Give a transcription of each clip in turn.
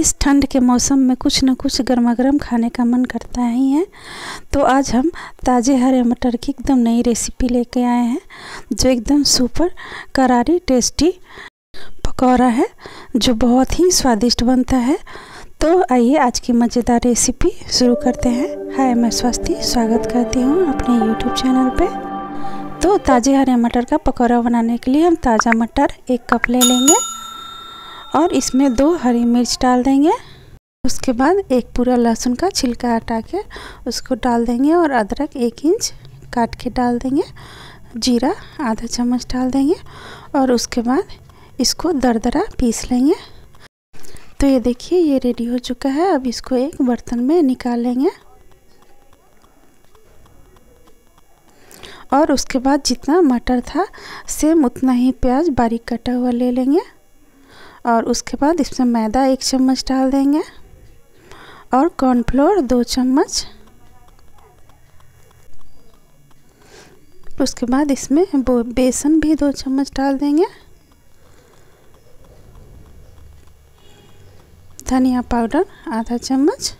इस ठंड के मौसम में कुछ ना कुछ गर्मा गर्म खाने का मन करता ही है तो आज हम ताज़े हरे मटर की एकदम नई रेसिपी लेके आए हैं जो एकदम सुपर करारी टेस्टी पकौड़ा है जो बहुत ही स्वादिष्ट बनता है तो आइए आज की मज़ेदार रेसिपी शुरू करते हैं हाय मैं स्वस्ति स्वागत करती हूँ अपने यूट्यूब चैनल पर तो ताज़े हरे मटर का पकौड़ा बनाने के लिए हम ताज़ा मटर एक कप ले लेंगे और इसमें दो हरी मिर्च डाल देंगे उसके बाद एक पूरा लहसुन का छिलका हटा के उसको डाल देंगे और अदरक एक इंच काट के डाल देंगे जीरा आधा चम्मच डाल देंगे और उसके बाद इसको दरदरा पीस लेंगे तो ये देखिए ये रेडी हो चुका है अब इसको एक बर्तन में निकाल लेंगे और उसके बाद जितना मटर था सेम उतना ही प्याज बारीक कटा हुआ ले लेंगे और उसके बाद इसमें मैदा एक चम्मच डाल देंगे और कॉर्नफ्लोर दो चम्मच उसके बाद इसमें बेसन भी दो चम्मच डाल देंगे धनिया पाउडर आधा चम्मच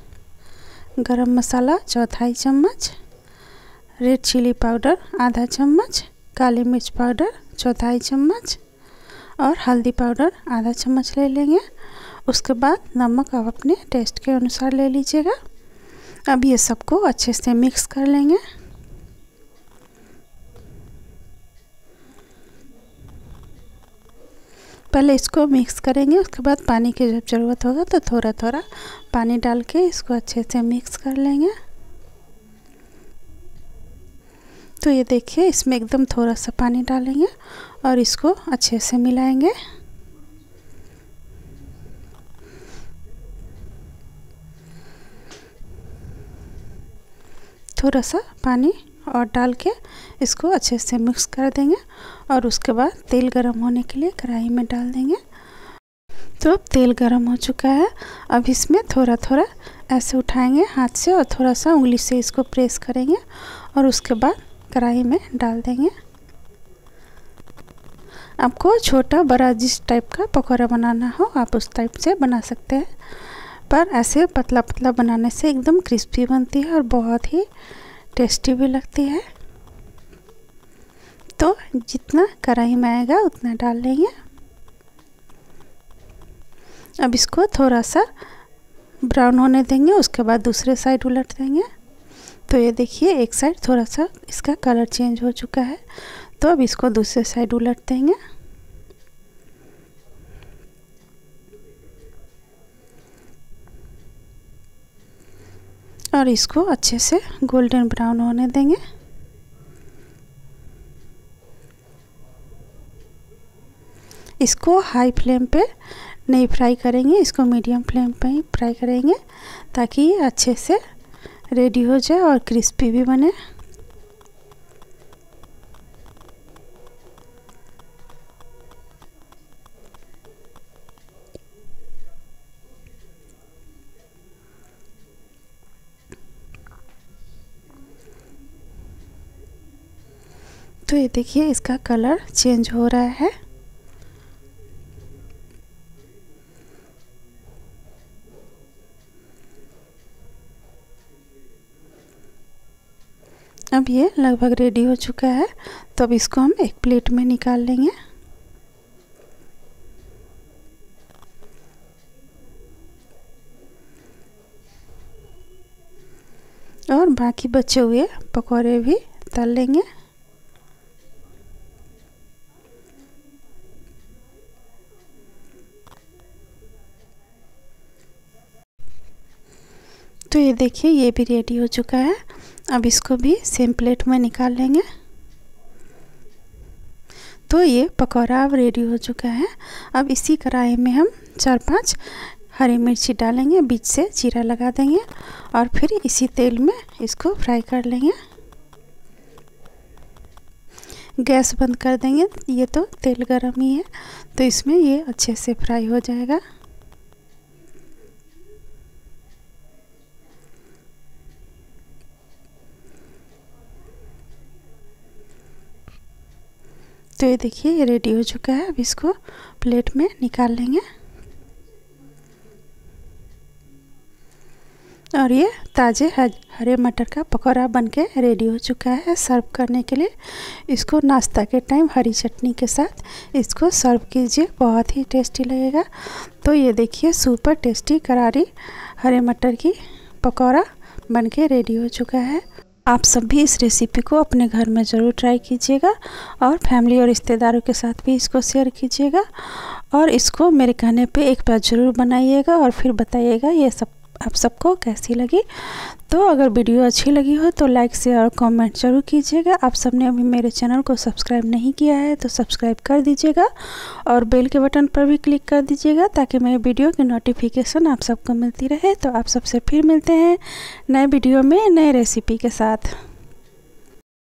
गरम मसाला चौथाई चम्मच रेड चिली पाउडर आधा चम्मच काली मिर्च पाउडर चौथाई चम्मच और हल्दी पाउडर आधा चम्मच ले लेंगे उसके बाद नमक आप अपने टेस्ट के अनुसार ले लीजिएगा अब ये सबको अच्छे से मिक्स कर लेंगे पहले इसको मिक्स करेंगे उसके बाद पानी की जब ज़रूरत होगा तो थोड़ा थोड़ा पानी डाल के इसको अच्छे से मिक्स कर लेंगे तो ये देखिए इसमें एकदम थोड़ा सा पानी डालेंगे और इसको अच्छे से मिलाएंगे थोड़ा सा पानी और डाल के इसको अच्छे से मिक्स कर देंगे और उसके बाद तेल गरम होने के लिए कढ़ाई में डाल देंगे तो अब तेल गरम हो चुका है अब इसमें थोड़ा थोड़ा ऐसे उठाएंगे हाथ से और थोड़ा सा उंगली से इसको प्रेस करेंगे और उसके बाद कढ़ाई में डाल देंगे आपको छोटा बड़ा जिस टाइप का पकौड़ा बनाना हो आप उस टाइप से बना सकते हैं पर ऐसे पतला पतला बनाने से एकदम क्रिस्पी बनती है और बहुत ही टेस्टी भी लगती है तो जितना कढ़ाई में आएगा उतना डाल लेंगे अब इसको थोड़ा सा ब्राउन होने देंगे उसके बाद दूसरे साइड उलट देंगे तो ये देखिए एक साइड थोड़ा सा इसका कलर चेंज हो चुका है तो अब इसको दूसरे साइड उलट देंगे और इसको अच्छे से गोल्डन ब्राउन होने देंगे इसको हाई फ्लेम पे नहीं फ्राई करेंगे इसको मीडियम फ्लेम पे ही फ्राई करेंगे ताकि ये अच्छे से रेडी हो जाए और क्रिस्पी भी बने तो ये देखिए इसका कलर चेंज हो रहा है अब ये लगभग रेडी हो चुका है तो अब इसको हम एक प्लेट में निकाल लेंगे और बाकी बचे हुए पकौड़े भी तल लेंगे तो ये देखिए ये भी रेडी हो चुका है अब इसको भी सेम प्लेट में निकाल लेंगे तो ये पकौड़ा अब रेडी हो चुका है अब इसी कढ़ाई में हम चार पांच हरी मिर्ची डालेंगे बीच से जीरा लगा देंगे और फिर इसी तेल में इसको फ्राई कर लेंगे गैस बंद कर देंगे ये तो तेल गर्म ही है तो इसमें ये अच्छे से फ्राई हो जाएगा तो ये देखिए ये रेडी हो चुका है अब इसको प्लेट में निकाल लेंगे और ये ताज़े हरे मटर का पकौड़ा बनके रेडी हो चुका है सर्व करने के लिए इसको नाश्ता के टाइम हरी चटनी के साथ इसको सर्व कीजिए बहुत ही टेस्टी लगेगा तो ये देखिए सुपर टेस्टी करारी हरे मटर की पकौड़ा बनके रेडी हो चुका है आप सब भी इस रेसिपी को अपने घर में ज़रूर ट्राई कीजिएगा और फैमिली और रिश्तेदारों के साथ भी इसको शेयर कीजिएगा और इसको मेरे कहने पे एक बार ज़रूर बनाइएगा और फिर बताइएगा ये सब आप सबको कैसी लगी तो अगर वीडियो अच्छी लगी हो तो लाइक शेयर और कमेंट जरूर कीजिएगा आप सबने अभी मेरे चैनल को सब्सक्राइब नहीं किया है तो सब्सक्राइब कर दीजिएगा और बेल के बटन पर भी क्लिक कर दीजिएगा ताकि मेरे वीडियो की नोटिफिकेशन आप सबको मिलती रहे तो आप सबसे फिर मिलते हैं नए वीडियो में नए रेसिपी के साथ